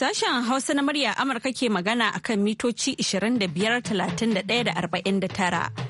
Sashen Hausa na murya Amurka ke magana akan mitoci 25, 31 da 49.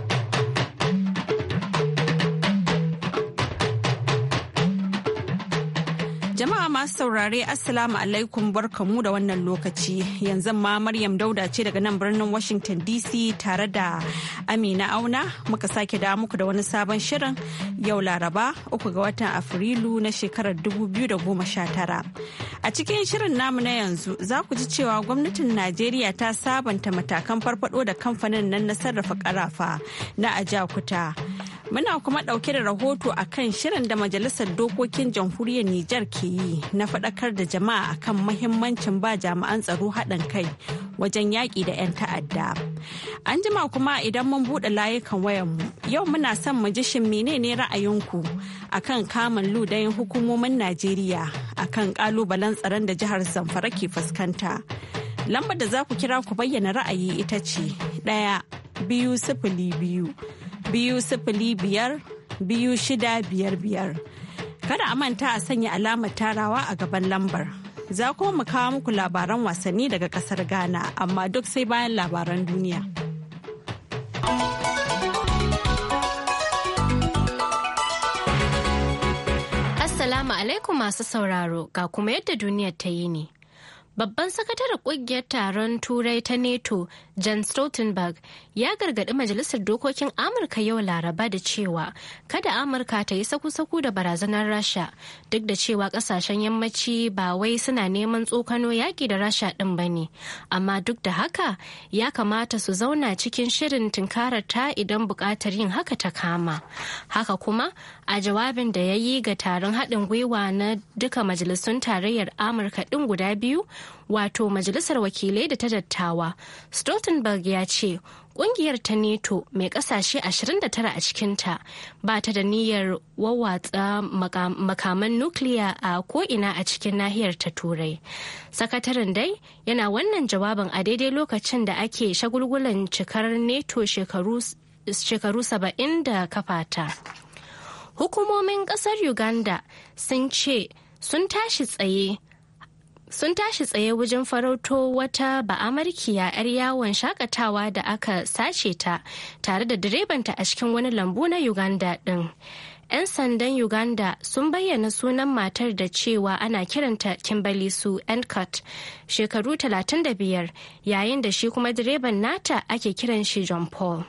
Jama'a masu saurare Assalamu alaikum barkamu da wannan lokaci. Yanzu ma Maryam Dauda ce daga nan birnin Washington DC tare da Amina Auna muka sake da muku da wani sabon shirin yau Laraba uku ga watan Afrilu na shekarar 2019. A cikin shirin namu na yanzu za ku ji cewa gwamnatin Najeriya ta sabanta matakan farfado da kamfanin nan na sarrafa karafa na Ajakuta. Muna kuma ɗauke da rahoto a kan shirin da Majalisar Dokokin Jamhuriyar Nijar ke yi na faɗakar da jama'a kan mahimmancin ba jami'an tsaro haɗin kai wajen yaƙi da 'yan ta'adda. An jima kuma idan mun buɗe layukan wayanmu yau muna son mu ji shin menene ra'ayinku a kan kamun ludayin hukumomin Najeriya a kan ƙalubalen tsaron da jihar Zamfara ke fuskanta. Lambar da za ku kira ku bayyana ra'ayi ita ce ɗaya biyu sifili biyu biyu sifili biyar biyu shida biyar biyar. Kada a manta a sanya alamar tarawa a gaban lambar. Za kuma mu kawo muku labaran wasanni daga kasar Ghana amma duk sai bayan labaran duniya. Assalamu alaikum masu sauraro ga kuma yadda duniya ta yi ne. Babban sakataren kungiyar taron Turai ta NATO, Jan Stoltenberg, ya gargaɗi Majalisar Dokokin Amurka yau Laraba da cewa kada Amurka ta yi saku-saku da barazanar Rasha, duk da cewa ƙasashen yammaci ba wai suna neman tsokano yaƙi da Rasha ɗin ba ne. Amma duk da haka, ya kamata su zauna cikin shirin tunkarar ta idan buƙatar yin haka ta kama. Haka kuma, a jawabin da ya yi ga taron haɗin gwiwa na duka majalisun tarayyar Amurka ɗin guda biyu, wato majalisar wakilai da ta dattawa stoltenberg ya ce ƙungiyar ta neto mai kasashe 29 a cikinta ba ta da niyyar wawatsa makaman nukiliya a ko'ina a cikin nahiyar ta turai sakataren dai yana wannan jawabin a daidai lokacin da ake shagulgulan cikar neto shekaru saba'in da kafata hukumomin ƙasar uganda sun ce sun tashi tsaye sun tashi tsaye wajen farauto wata ba'amarkiya 'yar yawon shakatawa da aka sace ta tare da direbanta a cikin wani lambu na uganda din 'yan sandan uganda sun bayyana sunan matar da cewa ana kiranta kimberly su endcott shekaru 35 yayin da shi kuma direban nata ake kiran shi john paul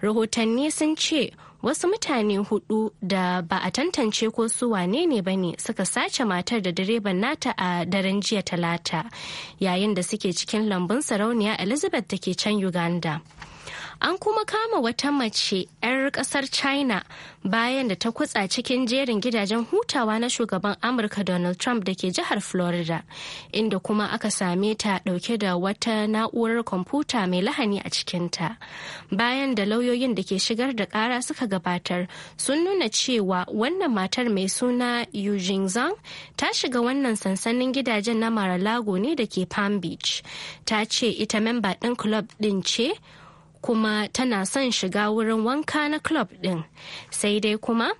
rahotanni sun ce wasu mutane hudu da ba a tantance ko su wane ne ba ne suka sace matar da direban nata a daren jiya talata yayin da suke cikin lambun sarauniya elizabeth da ke can uganda An kuma kama wata mace 'yar kasar China bayan da ta kutsa cikin jerin gidajen hutawa na shugaban Amurka Donald Trump da ke jihar Florida, inda kuma aka same ta dauke da wata na'urar kwamfuta mai lahani a cikinta. Bayan da lauyoyin da ke shigar da kara suka gabatar sun nuna cewa wannan matar mai suna Eugene Zhang ta shiga wannan sansanin gidajen na mar lago ne da ke Palm Beach. Ta ce ita memba ɗin club din ce kuma tana son shiga wurin wanka na club din? sai dai kuma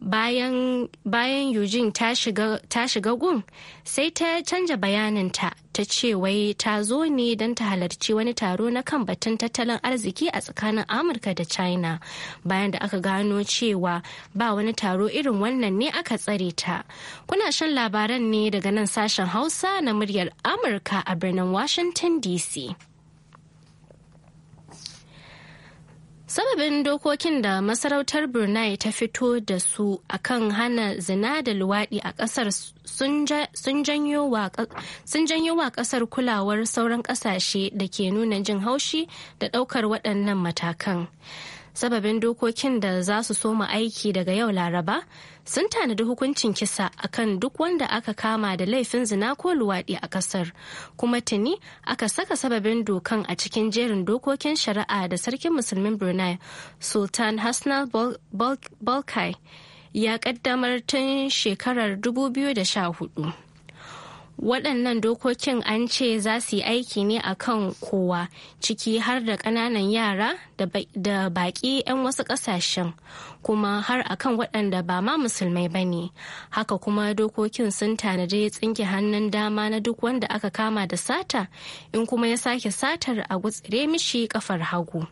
bayan, bayan Eugene ta shiga gun sai ta canja bayaninta ta ce wai ta zo ne don ta halarci wani taro na kan batun tattalin arziki a tsakanin Amurka da China bayan da aka gano cewa ba wani taro irin wannan ne aka tsare ta. Kuna shan labaran ne daga nan sashen Hausa na muryar Amurka a birnin Washington DC. sababin dokokin da masarautar brunei ta fito da su akan hana zina da luwaɗi a ƙasar sun janyo wa ƙasar kulawar sauran ƙasashe da ke nuna jin haushi da ɗaukar waɗannan matakan sababin dokokin da za su soma aiki daga yau laraba sun tanadi hukuncin kisa akan duk wanda aka kama da laifin zina ko luwaɗi a ƙasar kuma tuni aka saka sababin dokan a cikin jerin dokokin shari'a da sarkin musulmin brunei sultan hasnal balkai ya kaddamar tun shekarar 2014 waɗannan dokokin an ce za su yi aiki ne a kan kowa ciki har da ƙananan yara da baƙi 'yan wasu ƙasashen kuma har a kan waɗanda ba ma musulmai ba ne haka kuma dokokin sun tanadi ya tsinke hannun dama na duk wanda aka kama da sata in kuma ya sake satar a gutsire mishi ƙafar hagu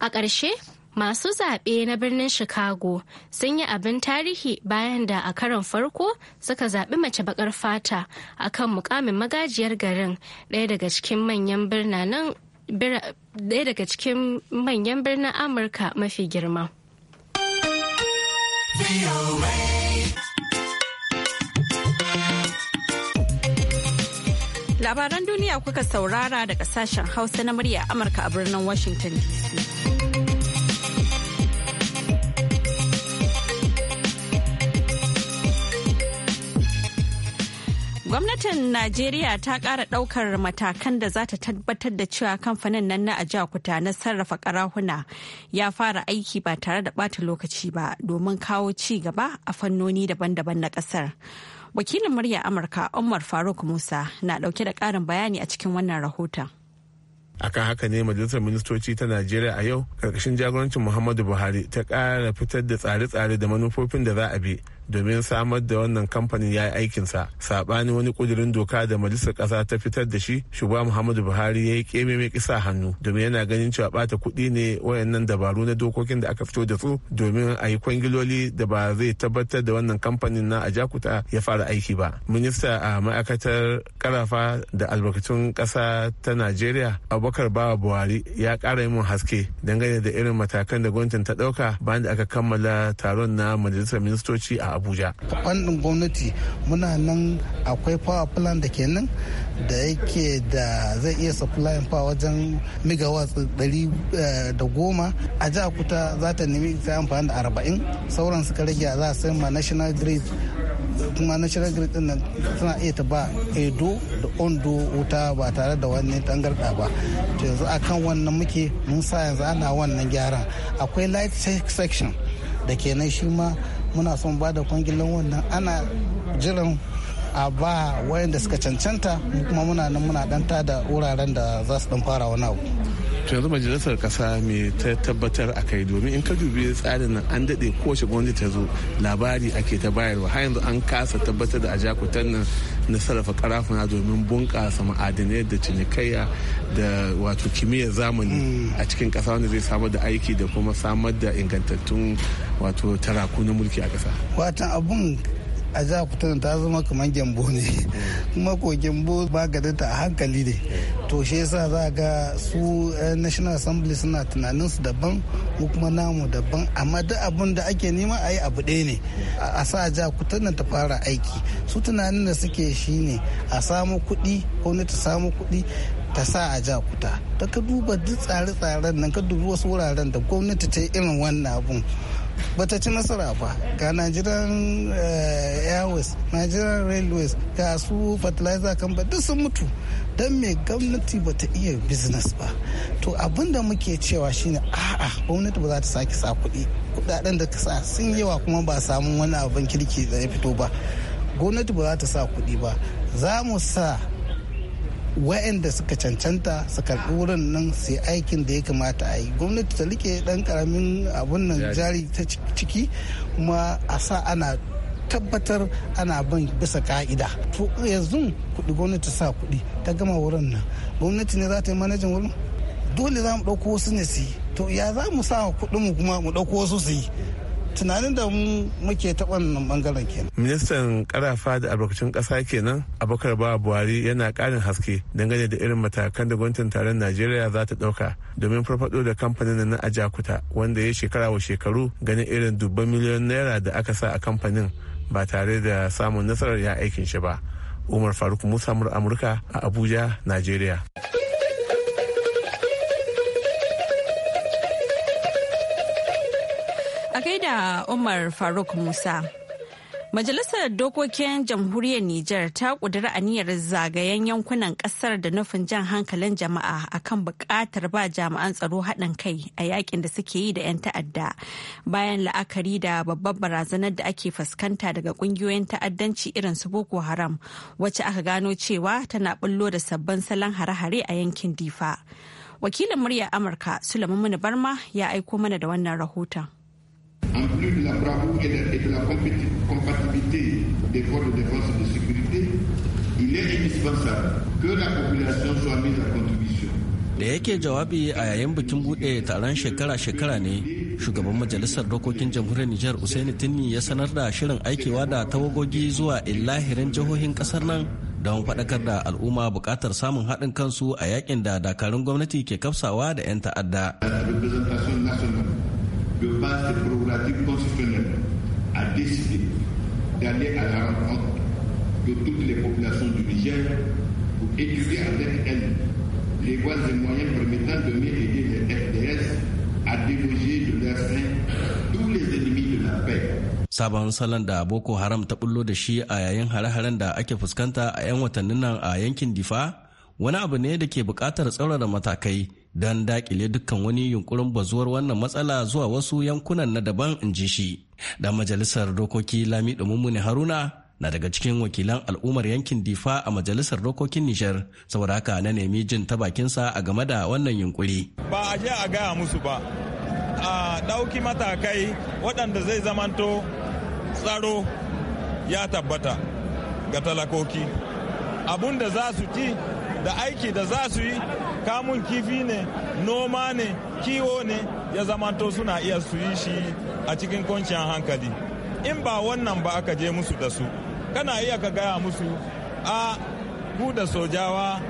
a ƙarshe Masu zaɓe na birnin Chicago sun yi abin tarihi bayan da a karon farko suka zaɓi mace baƙar fata a kan mukamin magajiyar garin ɗaya daga cikin manyan ɗaya daga cikin manyan birnin Amurka mafi girma. Labaran duniya kuka saurara daga sashen Hausa na murya Amurka a birnin Washington DC. Gwamnatin Najeriya ta kara ɗaukar matakan da za ta tabbatar da cewa kamfanin nan na kuta na sarrafa karahuna ya fara aiki ba tare da ɓata lokaci ba domin kawo ci gaba a fannoni daban-daban na ƙasar. Wakilin murya Amurka Umar Faruk Musa na ɗauke da ƙarin bayani a cikin wannan rahoton. akan haka ne majalisar ministoci ta najeriya a yau karkashin jagorancin muhammadu buhari ta ƙara fitar da tsare-tsare da manufofin da za a bi domin samar da wannan kamfanin ya yi aikinsa saɓani wani ƙudurin doka da majalisar ƙasa ta fitar da shi shugaba muhammadu buhari ya yi ƙeme mai kisa hannu domin yana ganin cewa bata kuɗi ne wayannan dabaru na dokokin da aka fito da su domin a yi kwangiloli da ba zai tabbatar da wannan kamfanin na ajakuta ya fara aiki ba minista a ma'aikatar karafa da albarkatun ƙasa ta najeriya abubakar bawa buhari ya ƙara yin haske dangane da irin matakan da gwamnatin ta ɗauka bayan da aka kammala taron na majalisar ministoci a abuja fannin gwamnati muna nan akwai power plan da ke nan da yake da zai iya supply power wajen megawatts ɗari eh, da goma a kuta za ta nemi ta amfani da arba'in sauran suka rage za a sai ma national grid kuma national grid din nan suna iya ta ba edo da ondo wuta ba tare da wani tangarɗa ba to yanzu akan wannan muke mun sa yanzu ana wannan gyaran akwai light section da kenan shi ma muna son ba da kwangilan wannan ana jiran a ba wayanda suka cancanta kuma muna nan muna danta da wuraren da za su dan fara wani abu to yanzu majalisar kasa mai ta tabbatar a kai domin in ka dubi tsarin nan an daɗe kowace gwamnati ta zo labari ake ta bayarwa har yanzu an kasa tabbatar da ajakutan nan na sarrafa karafuna domin bunƙasa ma'adinai da cinikayya da wato kimiyyar zamani mm. a cikin ƙasa wanda zai samar da aiki da kuma samar da ingantattun wato taraku na mulki a ƙasa. Watan abun a jihar kutunan ta zama kamar gyambo ne mm. kuma ko gyambo ba gada ta a hankali ne mm. to shi yasa za ga su eh, national assembly suna tunanin su daban ko kuma namu daban amma duk abin da ake nema a yi abu ɗaya ne a sa jihar kutunan ta fara aiki su tunanin da suke shi ne a samu kuɗi ko ta samu kuɗi ta sa a ja kuta ta ka duba duk tsare-tsaren nan ka dubi wasu wuraren da gwamnati ta yi irin wannan abun bata ci nasara ba ga nigerian eh, airways nigerian railways ga su fertilizer company duk sun mutu don me gwamnati bata iya business ba to abin da muke cewa shine a'a gwamnati ba za ta sake sa kuɗi kuɗaɗen da ka sa sun yawa kuma ba samun wani abin kirki da ya fito ba gwamnati ba za ta sa kuɗi ba za mu sa wa'anda suka cancanta su karɓi wurin nan su aikin da ya kamata a yi gwamnati ta rike ɗan ƙaramin abun nan jari ta ciki kuma a sa ana tabbatar ana bin bisa ka'ida to yanzu kuɗi gwamnati sa kuɗi ta gama wurin nan gwamnati ne za ta yi manajan wurin dole za mu ɗauko wasu ne su yi to ya za mu sa kuɗin mu kuma mu ɗauko wasu su yi tunanin da muke ta wannan bangaren kenan. ministan karafa da albarkacin kasa kenan abokar ba buhari yana karin haske dangane da irin matakan da gwamnatin taron najeriya za ta dauka domin farfado da kamfanin na jakuta wanda ya shekara wa shekaru ganin irin dubban miliyon naira da aka sa a kamfanin ba tare da samun nasarar ya aikin shi ba umar faruk musa amurka a abuja najeriya. A gaida Umar Faruk Musa. Majalisar Dokokin Jamhuriyar Nijar ta ƙudiri aniyar zagayen yankunan ƙasar da nufin jan hankalin jama'a akan buƙatar ba jami'an tsaro haɗin kai a yakin da suke yi da 'yan ta'adda bayan la'akari da babbar barazanar da ake fuskanta daga ƙungiyoyin ta'addanci irin su Boko Haram wacce aka gano cewa tana bullo da sabbin salon hare-hare a yankin Difa. Wakilin muryar Amurka Sulaiman Barma ya aiko mana da wannan rahoton. plus de la bravoure et de, la compatibilité des corps de défense et de sécurité, il est indispensable que la population soit mise à contribution. da yake jawabi a yayin bikin bude taron shekara-shekara ne shugaban majalisar dokokin jamhuriyar nijar usaini tinni ya sanar da shirin aikewa da tawagogi zuwa illahirin jihohin kasar nan don faɗakar da al'umma buƙatar samun haɗin kansu a yakin da dakarun gwamnati ke kafsawa da 'yan ta'adda de par ses prérogatives constitutionnelles, a décidé d'aller à la rencontre de toutes les populations du Niger pour étudier avec elles les voies et moyens permettant de mieux aider les FDS a déloger de leur sein tous les ennemis de la paix. Sabon salon da Boko Haram ta bullo da shi a yayin hare-haren da ake fuskanta a 'yan watannin nan a yankin Difa wani abu ne da ke buƙatar tsaurara matakai don dakile dukkan wani yunkurin bazuwar wannan matsala zuwa wasu yankunan na daban in ji shi da majalisar dokoki lami mummuni haruna na daga cikin wakilan al'ummar yankin difa a majalisar dokokin Nijar, saboda haka na nemi jin ta bakinsa a game da wannan yunkuri ba a sha a gaya musu ba a ɗauki matakai waɗanda zai zamanto tsaro ya tabbata ga talakoki abun da za su ci da aiki da za su yi kamun kifi ne noma ne kiwo ne ya zamanto suna iya su yi shi a cikin kwanciyar hankali in ba wannan ba aka je musu da su kana iya ka gaya musu a ku da sojawa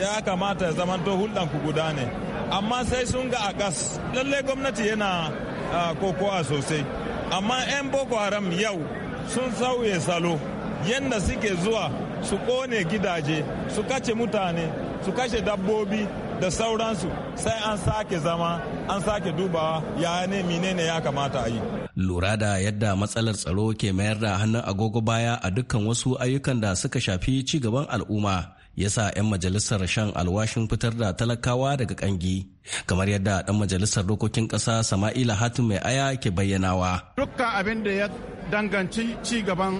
ya kamata ya zamanto hulɗanku guda ne amma sai sun ga a gas lallai gwamnati yana kokowa sosai amma 'yan boko haram yau sun sauye salo yadda suke zuwa su kone gidaje su kace mutane su kashe dabbobi da sauransu sai an sake zama an sake dubawa ya ne menene ya kamata a yi lura da yadda matsalar tsaro ke mayar da hannun agogo baya a dukkan wasu ayyukan da suka shafi ci gaban al'umma ya sa 'yan majalisar shan alwashin fitar da talakawa daga kangi kamar yadda dan majalisar dokokin kasa sama'ila hatim mai aya ke bayyanawa dukkan abin da ya danganci ci gaban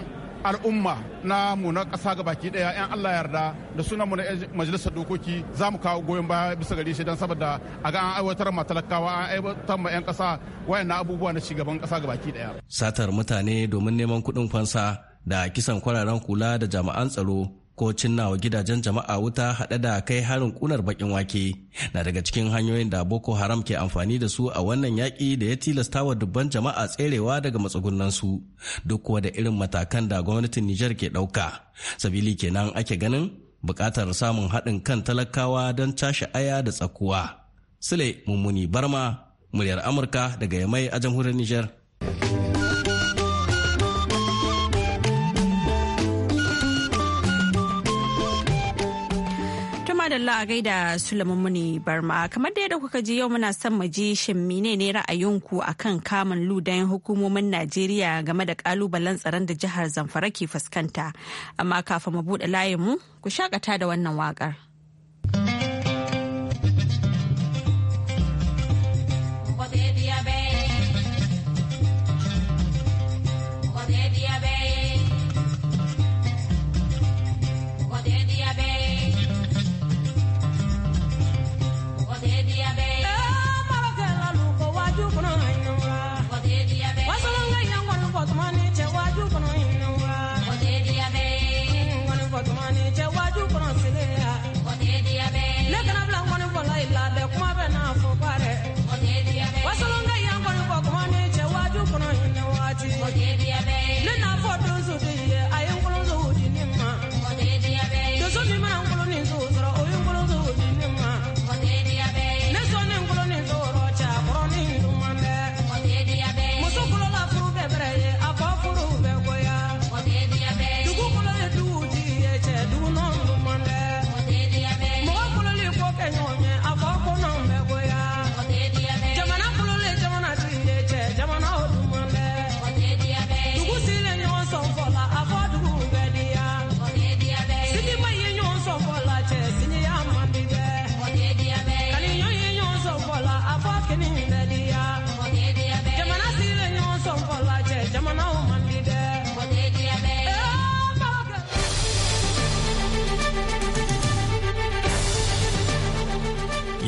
al'umma na mu na ƙasa baki ɗaya yan Allah yarda da sunan mu na majalisar dokoki za mu kawo goyon baya bisa gare shi don saboda a ga an aiwatar ma talakawa an aiwatar ma yan ƙasa na abubuwa na shugaban ƙasa baki ɗaya. Satar mutane domin neman kuɗin fansa da kisan kwararen kula da jami'an tsaro ko cinnawa gidajen jama'a wuta haɗe da kai harin kunar bakin wake na daga cikin hanyoyin da boko haram ke amfani da su a wannan yaƙi da ya tilasta wa dubban jama'a tserewa daga matsugunan su duk kuwa da irin matakan da gwamnatin nijar ke ɗauka sabili kenan ake ganin buƙatar samun haɗin kan talakawa don tashi aya da tsakuwa sule mummuni barma muryar amurka daga yamai a jamhuriyar nijar madalla a gaida Sulaiman Muni Barma. Kamar da yadda kuka ji yau muna son mu ji shin menene ra'ayinku akan kamun ludan hukumomin Najeriya game da kalubalen tsaron da jihar Zamfara ke fuskanta. Amma kafin mu buɗe layinmu ku shakata da wannan waƙar.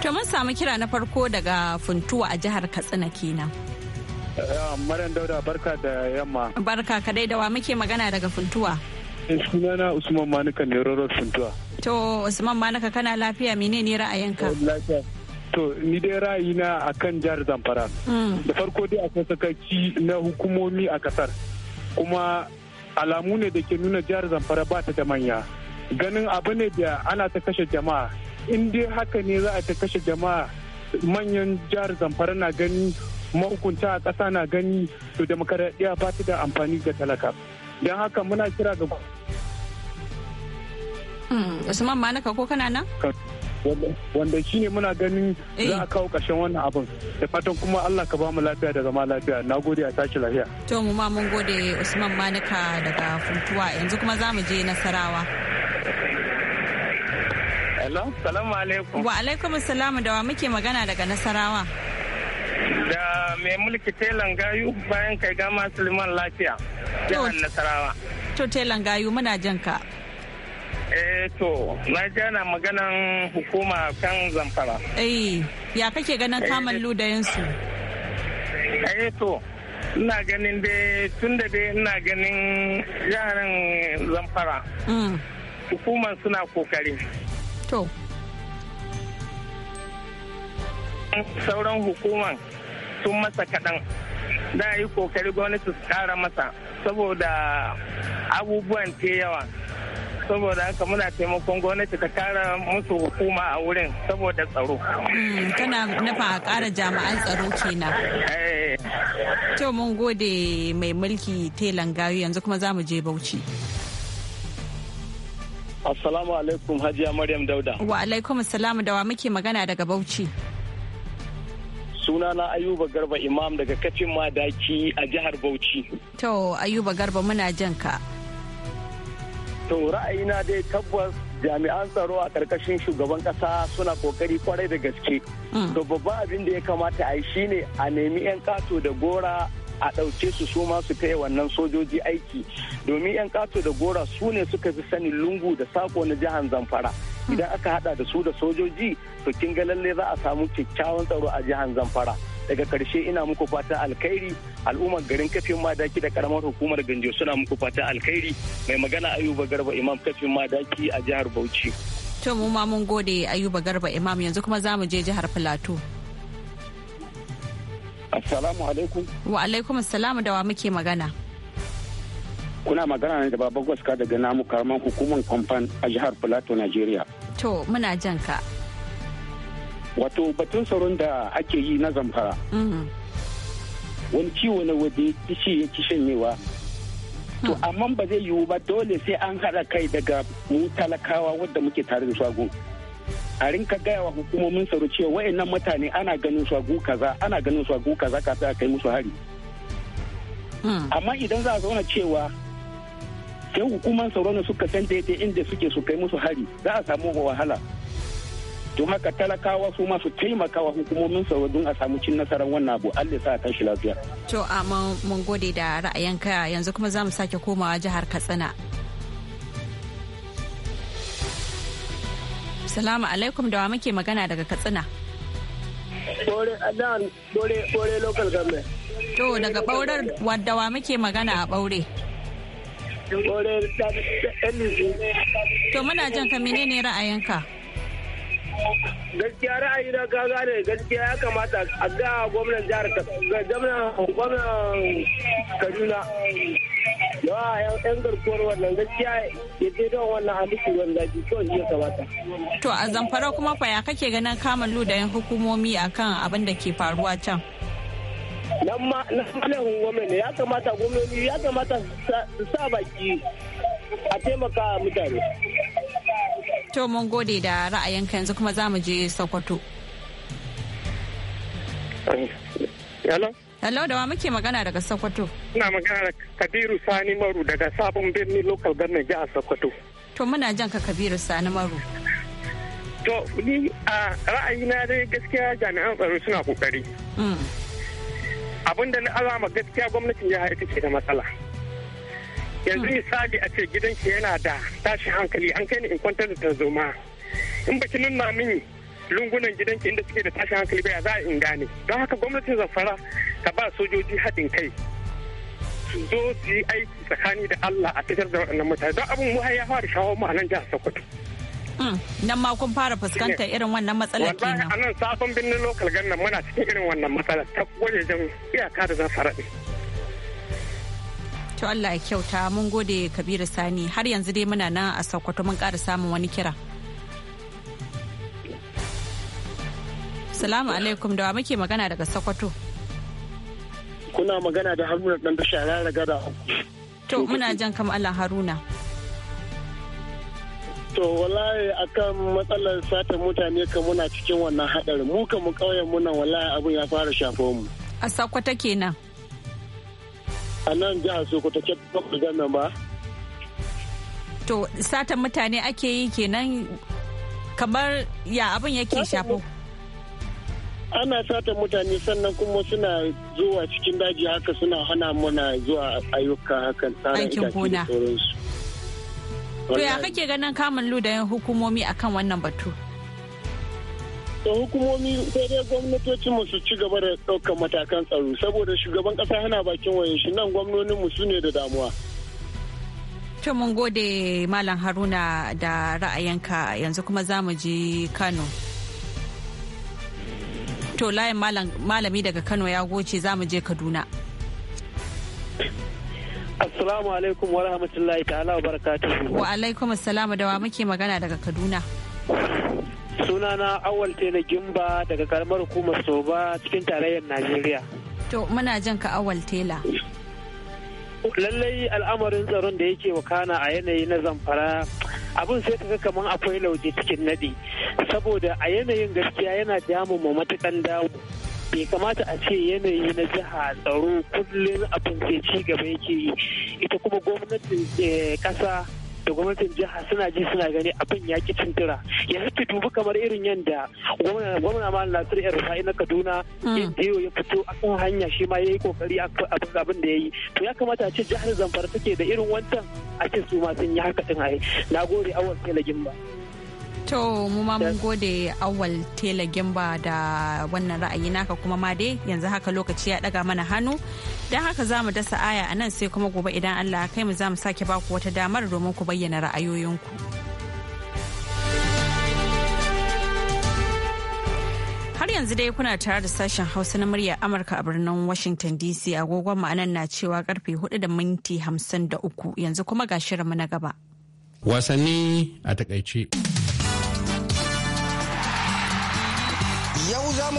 To mun samu kira na farko daga Funtuwa a jihar Katsina kenan. Maryam Dauda barka da yamma. Barka kadai da wa muke magana daga Funtuwa. Eh, sunana Usman Manuka ne Rorot Funtuwa. To Usman Manuka kana lafiya menene ra'ayinka? Eh, lafiya. To ni dai ra'ayina kan jihar Zamfara. Hmm. Da farko dai akwai sakaci na hukumomi a kasar. Kuma alamu ne da ke nuna jihar Zamfara ba ta da manya. Ganin abu ne da ana ta kashe jama'a in dai haka ne za a ta kashe jama'a manyan jihar zamfara na gani mahukunta a ƙasa na gani to demokaradiyya ba ta da amfani ga talaka don haka muna kira ga hmm, usman manaka ko kana nan wanda shi ne muna ganin eh. za a kawo ƙarshen wannan abin da fatan kuma Allah ka ba mu lafiya da zama lafiya na gode a tashi lafiya to mu ma mun gode Usman manuka daga Funtuwa yanzu kuma za mu je Nasarawa Hello, salamu alaikum. Wa alaikum salamu da wa muke magana daga Nasarawa. Da mai mulki telan gayu bayan kai gama Suleiman lafiya. Jihar Nasarawa. To telan gayu muna jan ka. Eh to, na ji na maganan hukuma kan zamfara. Eh, ya kake ganin eh. kamun ludayensu? Eh to, ina ganin dai tun da dai ina ganin yaran zamfara. Mm. Hukumar suna kokari. to sauran hukuman sun masa kaɗan da yi kokari gwamnati su ƙara masa saboda abubuwan ke yawa saboda haka muna taimakon gwamnati ta kara musu hukuma a wurin saboda tsaro. Hmm, kana nufa a kara jami'an tsaro kenan. Eh. To mun gode mai mulki telan gayu yanzu kuma za mu je Bauchi. Assalamu alaikum Hajiya Maryam Dauda. Wa alaikum assalamu da wa muke magana daga Bauchi. Sunana Ayuba Garba Imam daga kafin madaki a jihar Bauchi. To Ayuba Garba muna jan ka. To ra'ayina dai tabbas jami'an tsaro a karkashin shugaban kasa suna kokari kwarai da gaske. Mm. To babban abin da ya kamata a yi shine a nemi 'yan kato da gora a ɗauke su su ma su kai wannan sojoji aiki domin 'yan kato da gora su ne suka fi sanin lungu da sako na jihar zamfara idan aka hada da su da sojoji to kin ga lalle za a samu kyakkyawan tsaro a jihar zamfara daga karshe ina muku fatan alkhairi al'ummar garin kafin madaki da karamar hukumar ganjo suna muku fatan alkhairi mai magana ayuba garba imam kafin madaki a jihar bauchi to mu ma mun gode ayuba garba imam yanzu kuma za mu je jihar plateau Assalamu alaikum. Wa alaikum assalamu da wa muke magana. Kuna magana ne da Baba Gwaska daga namu karman hukumar kwamfan a jihar Plateau, Nigeria. To, muna jan ka. Wato batun tsaron da ake yi na zamfara. Mm-hmm. Wani ciwo na waje kishi ya ki shanyewa. To, mm. amma ba zai yiwu ba dole sai an haɗa kai daga mu talakawa wadda muke tare da shagun. a rinka gaya wa hukumomin tsaro cewa wayannan mutane ana ganin su a gu kaza ana ganin su a gu kaza kafin a kai musu hari hmm. amma idan za a zauna cewa sai hukumar tsaro ne suka san daidai inda suke su kai musu hari za a samu wahala don haka talakawa su masu taimakawa hukumomin tsaro don a samu cin nasarar wannan abu allah sa tashi lafiya to a mun gode da ra'ayinka yanzu kuma za mu sake komawa jihar katsina Salamu alaikum da wa muke magana daga Katsina. Bore Adan, Bore Bore local government. To daga baurar wadda wa muke magana a baure. To muna jan ka menene ra'ayinka? gaskiya ra'ayi na ka gane gaskiya ya kamata a ga gwamnan jihar gwamnan kaduna yawa yau garkuwar wannan gaskiya ya je don wannan halittu wanda ji to ya kamata. To a zamfara kuma fa ya kake ganin kamun yan hukumomi akan abin da ke faruwa can? Nan ma na malamin gwamnati ya kamata gwamnati ya kamata su sa baki a taimaka mutane. To mun gode da ra'ayinka yanzu kuma za mu je Sokoto. Hello? Hello da wa muke magana daga Sokoto. Ina magana da Kabiru Sani Maru daga sabon birni local government jihar Sokoto. To muna jan ka Kabiru Sani Maru. To ni a ra'ayina dai gaskiya jami'an tsaro suna kokari. Mm. Abin da na alama gaskiya gwamnatin ya ita ce da matsala. Yanzu mm. misali a ce gidanki yana da tashin hankali an kai ni in kwantar da tarzoma. In baki nuna mini lungunan gidan ki inda suke da tashin hankali baya za a in gane don haka gwamnatin zamfara ta ba sojoji haɗin kai su zo su yi aiki tsakani da Allah a fitar da waɗannan mutane don abin mu ya fara shawo mu a nan jihar Sokoto. Hmm, nan ma kun fara fuskantar irin wannan matsalar kenan. Wallahi a nan sabon birnin lokal gannan muna cikin irin wannan matsalar ta wajejen iyaka da zamfara ne. To Allah ya kyauta mun gode Kabiru Sani har yanzu dai muna nan a Sokoto mun ƙara samun wani kira. Assalamu alaikum da wa muke magana daga Sokoto. Kuna magana da Haruna dan da shara daga da. To muna jan kam Allah Haruna. To wallahi akan matsalar sata mutane kan muna cikin wannan hadarin mu kan mu kauyen mu nan wallahi abun ya fara shafo mu. A Sokoto kenan. A nan jihar Sokoto ke ba ba. To satan mutane ake yi kenan kamar ya abin yake shafo. ana sata mutane sannan kuma suna zuwa cikin daji haka suna hana muna zuwa ayyuka hakan tsara itace da sauransu. To ya kake ganin kamun ludayen hukumomi akan wannan batu? da hukumomi sai dai gwamnatocin su ci gaba da ɗaukar matakan tsaro saboda shugaban ƙasa hana bakin wayan shi nan gwamnonin mu su ne da damuwa. To mun gode Malam Haruna da ra'ayinka yanzu kuma zamu je Kano. to layin malami daga kano ya goce za mu je kaduna assalamu alaikum wa rahmatullahi ta'ala wa barakatuhu wa alaikum assalamu da wa muke magana daga kaduna sunana awal tela gimba daga karamar hukumar soba cikin tarayyar najeriya to muna jan ka awal tela lallai al'amarin tsaron da yake wakana a yanayi na zamfara abin sai kaga kamar akwai lauje cikin nadi saboda a yanayin gaskiya yana damun mu matukan damu bai kamata a ce yanayi na jiha tsaro kullum abin sai ci gaba yake yi ita kuma gwamnatin kasa eh, da gwamnatin jiha suna ji suna gani abin ya ki cintura yanzu ki dubi kamar irin yadda gwamna ma nasir yar na kaduna mm. yadda ya fito a kan hanya shi ma ya yi kokari abin da ya yi to ya kamata a ce jihar zamfara take da irin wancan a ce su ma sun yi haka din a yi na gode awon sai gimba To mu ma mun gode awal tela gimba da wannan ra'ayi naka kuma ma dai yanzu haka lokaci ya daga mana hannu don haka za mu dasa aya a nan sai kuma gobe idan Allah kai mu za mu sake baku wata damar domin ku bayyana ra'ayoyinku. Har yanzu dai kuna tare da sashen Hausa na murya Amurka a birnin Washington DC agogon ma'anan na cewa karfe 4 da minti 53 yanzu kuma ga shirinmu na gaba. Wasanni a takaice.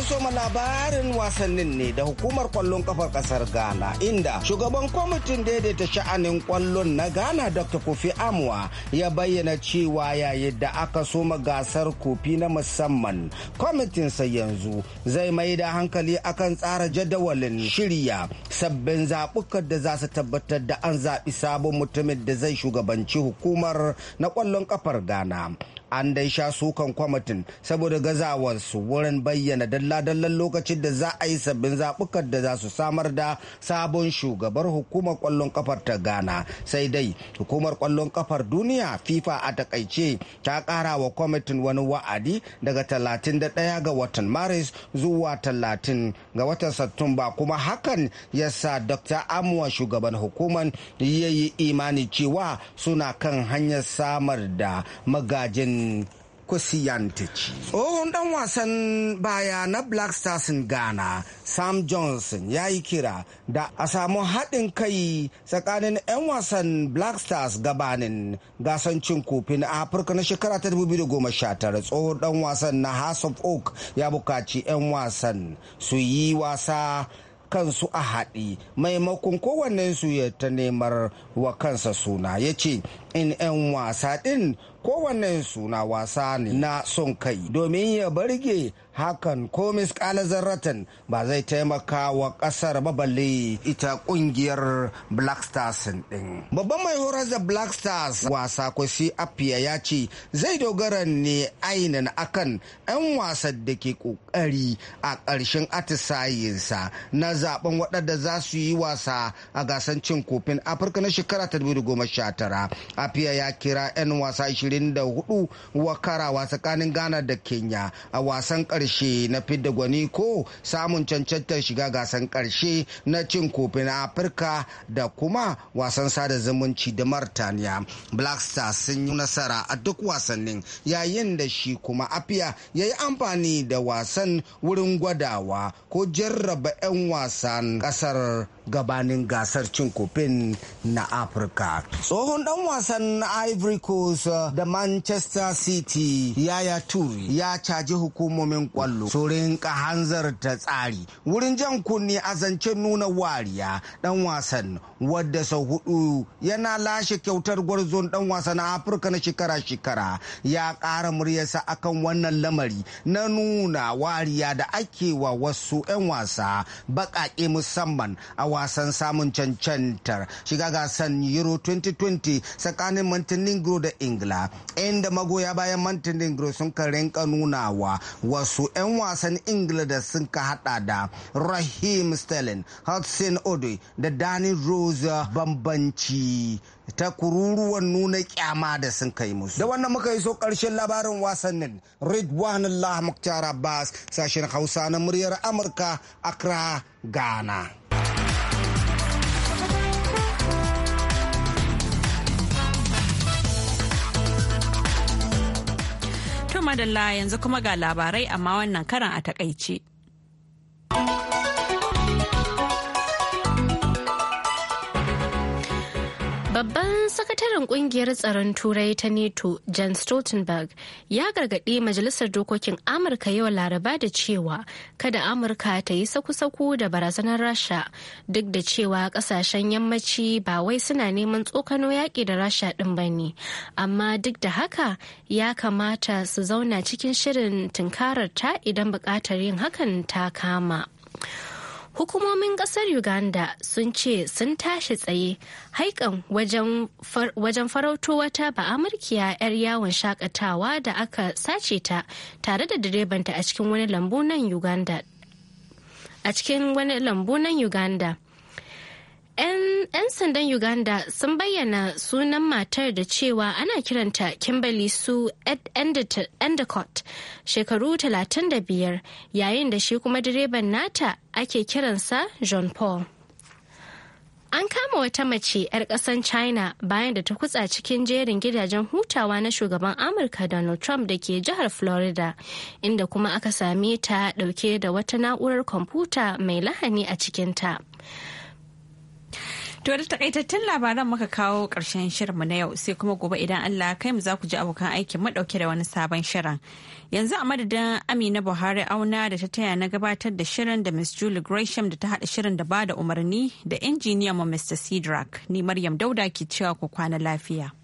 mu soma labarin wasannin ne da hukumar kwallon kafar kasar Ghana inda shugaban kwamitin daidaita sha'anin kwallon na Ghana Dr. Kofi Amwa ya bayyana cewa yayin da aka soma gasar kofi na musamman kwamitinsa yanzu zai mai da hankali akan tsara jadawalin shirya sabbin zaɓukan da za su tabbatar da an zaɓi sabon mutumin da zai shugabanci hukumar na kwallon kafar Ghana. an dai sha sukan kwamitin saboda gazawarsu wurin bayyana dalla-dallan lokacin da za a yi sabbin zaɓukan da za su samar da sabon shugabar hukumar kwallon kafar ta ghana sai dai hukumar kwallon kafar duniya fifa a takaice ta ƙara wa kwamitin wani wa'adi daga talatin da ɗaya ga watan maris zuwa talatin ga watan satumba kuma hakan ya sa dr amuwa shugaban hukumar ya yi imani cewa suna kan hanyar samar da magajin Christian Tsohon ɗan wasan baya na Black Stars in Ghana, Sam Johnson ya yi kira da a samu haɗin kai tsakanin 'yan wasan Black Stars gabanin gasancin kofin Afirka na shekara ta 2019. Tsohon dan wasan na House of Oak ya buƙaci 'yan wasan su yi wasa kansu a haɗi maimakon kowannensu ya ta nemar wa kansa suna ya ce in 'yan wasa ɗin kowanne suna wasa ne na son kai domin ya barge hakan ko miskala zarratan ba zai taimaka wa kasar baballe ita kungiyar black stars ɗin babban mai horar da black stars wasa kwasi afiya ya ce zai dogara ne ainihin akan 'yan wasan da ke ƙoƙari a ƙarshen atisayensa na zaben waɗanda za su yi wasa a gasar cin kofin afirka na shekara 2019 afiya ya kira 'yan wasa 24 wakarawa tsakanin ghana da kenya a wasan karshe na fidda gwani ko samun cancantar shiga gasan karshe na cin kofi na afirka da kuma wasan sada zumunci da martaniya black stars sun yi nasara a duk wasannin yayin da shi kuma afiya ya yi amfani da wasan wurin gwadawa ko jarraba 'yan wasan kasar gabanin gasar cin kofin na afirka tsohon dan wasan ivory coast uh, da manchester city yaya turi ya caji hukumomin kwallo su kahanzar hanzarta tsari wurin jan kunni a zancen nuna wariya dan wasan wadda sau hudu yana lashe kyautar gwarzon dan wasan afirka na shekara-shekara ya ƙara muryarsa akan wannan lamari na nuna wariya da ake wa wasu 'yan wasa baƙaƙe musamman a wasan samun cancantar shiga gasan euro 2020 tsakanin montenegro da ingila inda magoya bayan montenegro sun ka rinka nunawa wasu 'yan wasan ingila da sun ka hada da rahim sterling hudson odoi da danny rose bambanci ta kururuwan nuna kyama da sun kai musu. Da wannan muka yi so karshen labarin wasannin Ridwan Allah Abbas sashen Hausa na muryar Amurka Accra, Ghana. To madalla yanzu kuma ga labarai amma wannan karan a takaice. sakataren kungiyar tsaron turai ta NATO Jan Stoltenberg ya gargaɗi Majalisar Dokokin Amurka yau Laraba da cewa kada Amurka ta yi saku-saku da barazanar Rasha duk da cewa ƙasashen yammaci ba wai suna neman tsokano yaƙi da Rasha ɗin ba ne. Amma duk da haka ya kamata su zauna cikin shirin tunkarar ta idan buƙatar yin hakan ta kama. hukumomin ƙasar uganda sun ce sun tashi tsaye haikan wajen farauto wata ba'amurkiya 'yar yawon shakatawa da aka sace ta tare da direbanta a cikin lambu nan a cikin wani lambu nan uganda 'Yan sandan Uganda sun bayyana sunan matar da cewa ana kiranta Kimberly su Endicott shekaru 35 yayin da shi kuma direban nata ake kiransa John Paul. An kama wata mace 'yar ƙasan China bayan da ta kutsa cikin jerin gidajen hutawa na shugaban Amurka Donald Trump da ke jihar Florida, inda kuma aka same ta ɗauke da wata na'urar kwamfuta mai lahani a cikinta. To da takaitattun labaran muka kawo ƙarshen shirinmu na yau sai kuma gobe idan Allah kai mu za ku ji abokan aikin madauke da wani sabon shirin. Yanzu a madadin Amina Buhari auna da ta taya na gabatar da shirin da Miss Julie Gresham da ta haɗa shirin da ba da umarni da injiniyan mu Mr. Sidrak ni Maryam Dauda ke cewa ku kwana lafiya.